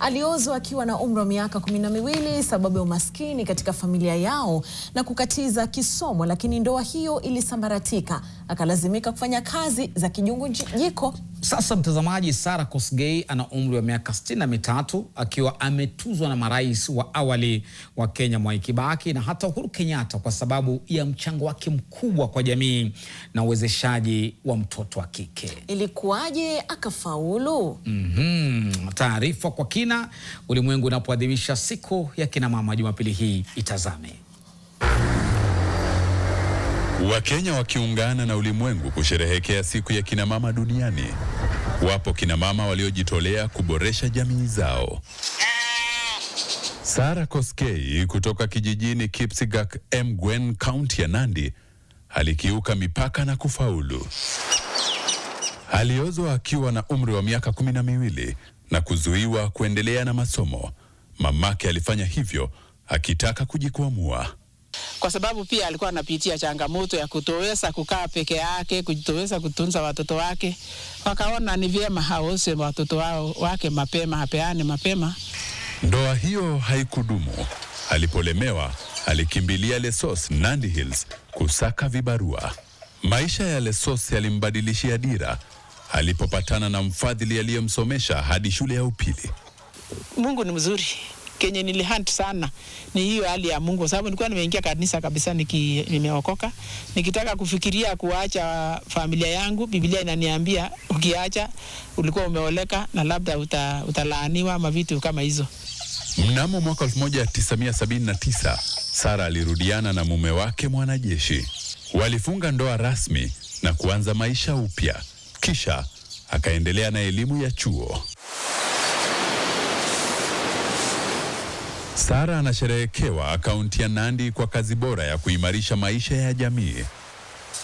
aliozwa akiwa na umri wa miaka kumi na miwili sababu ya umaskini katika familia yao na kukatiza kisomo, lakini ndoa hiyo ilisambaratika. Akalazimika kufanya kazi za kijungujiko sasa mtazamaji, Sarah Kosgei ana umri wa miaka sitini na mitatu akiwa ametuzwa na marais wa awali wa Kenya Mwai Kibaki na hata Uhuru Kenyatta kwa sababu ya mchango wake mkubwa kwa jamii na uwezeshaji wa mtoto wa kike. Ilikuwaje akafaulu? mm -hmm. Taarifa kwa kina, ulimwengu unapoadhimisha siku ya kina mama Jumapili hii, itazame. Wakenya wakiungana na ulimwengu kusherehekea siku ya kinamama duniani. Wapo kinamama waliojitolea kuboresha jamii zao. Sara Koskei kutoka kijijini Kipsigak, Mgwen, kaunti ya Nandi alikiuka mipaka na kufaulu. Aliozwa akiwa na umri wa miaka kumi na miwili na kuzuiwa kuendelea na masomo. Mamake alifanya hivyo akitaka kujikwamua kwa sababu pia alikuwa anapitia changamoto ya kutoweza kukaa peke yake, kutoweza kutunza watoto wake. Wakaona ni vyema haose watoto wao wake mapema, hapeane mapema. Ndoa hiyo haikudumu. Alipolemewa alikimbilia Lesos, Nandi Hills, kusaka vibarua. Maisha ya Lesos yalimbadilishia dira alipopatana na mfadhili aliyemsomesha hadi shule ya upili. Mungu ni mzuri kenye nilihunt sana ni hiyo hali ya Mungu, sababu nilikuwa nimeingia kanisa kabisa niki, nimeokoka nikitaka kufikiria kuacha familia yangu. Biblia inaniambia ukiacha ulikuwa umeoleka na labda uta, utalaaniwa ama vitu kama hizo. Mnamo mwaka 1979 Sara alirudiana na mume wake mwanajeshi, walifunga ndoa rasmi na kuanza maisha upya, kisha akaendelea na elimu ya chuo. Sara anasherehekewa kaunti ya Nandi kwa kazi bora ya kuimarisha maisha ya jamii.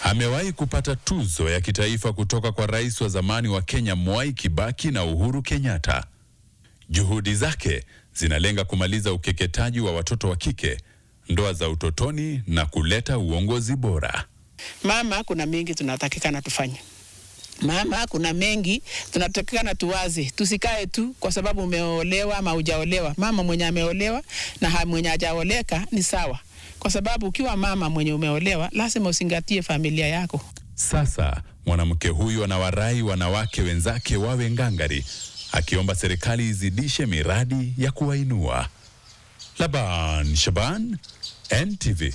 Amewahi kupata tuzo ya kitaifa kutoka kwa rais wa zamani wa Kenya Mwai Kibaki na Uhuru Kenyatta. Juhudi zake zinalenga kumaliza ukeketaji wa watoto wa kike, ndoa za utotoni na kuleta uongozi bora. Mama, kuna mingi tunatakikana tufanye. Mama, kuna mengi tunatakikana tuwaze, tusikae tu kwa sababu umeolewa ama hujaolewa. Mama mwenye ameolewa na mwenye hajaoleka ni sawa, kwa sababu ukiwa mama mwenye umeolewa lazima uzingatie familia yako. Sasa mwanamke huyu anawarai wanawake wenzake wawe ngangari, akiomba serikali izidishe miradi ya kuwainua. Laban Shaban, NTV.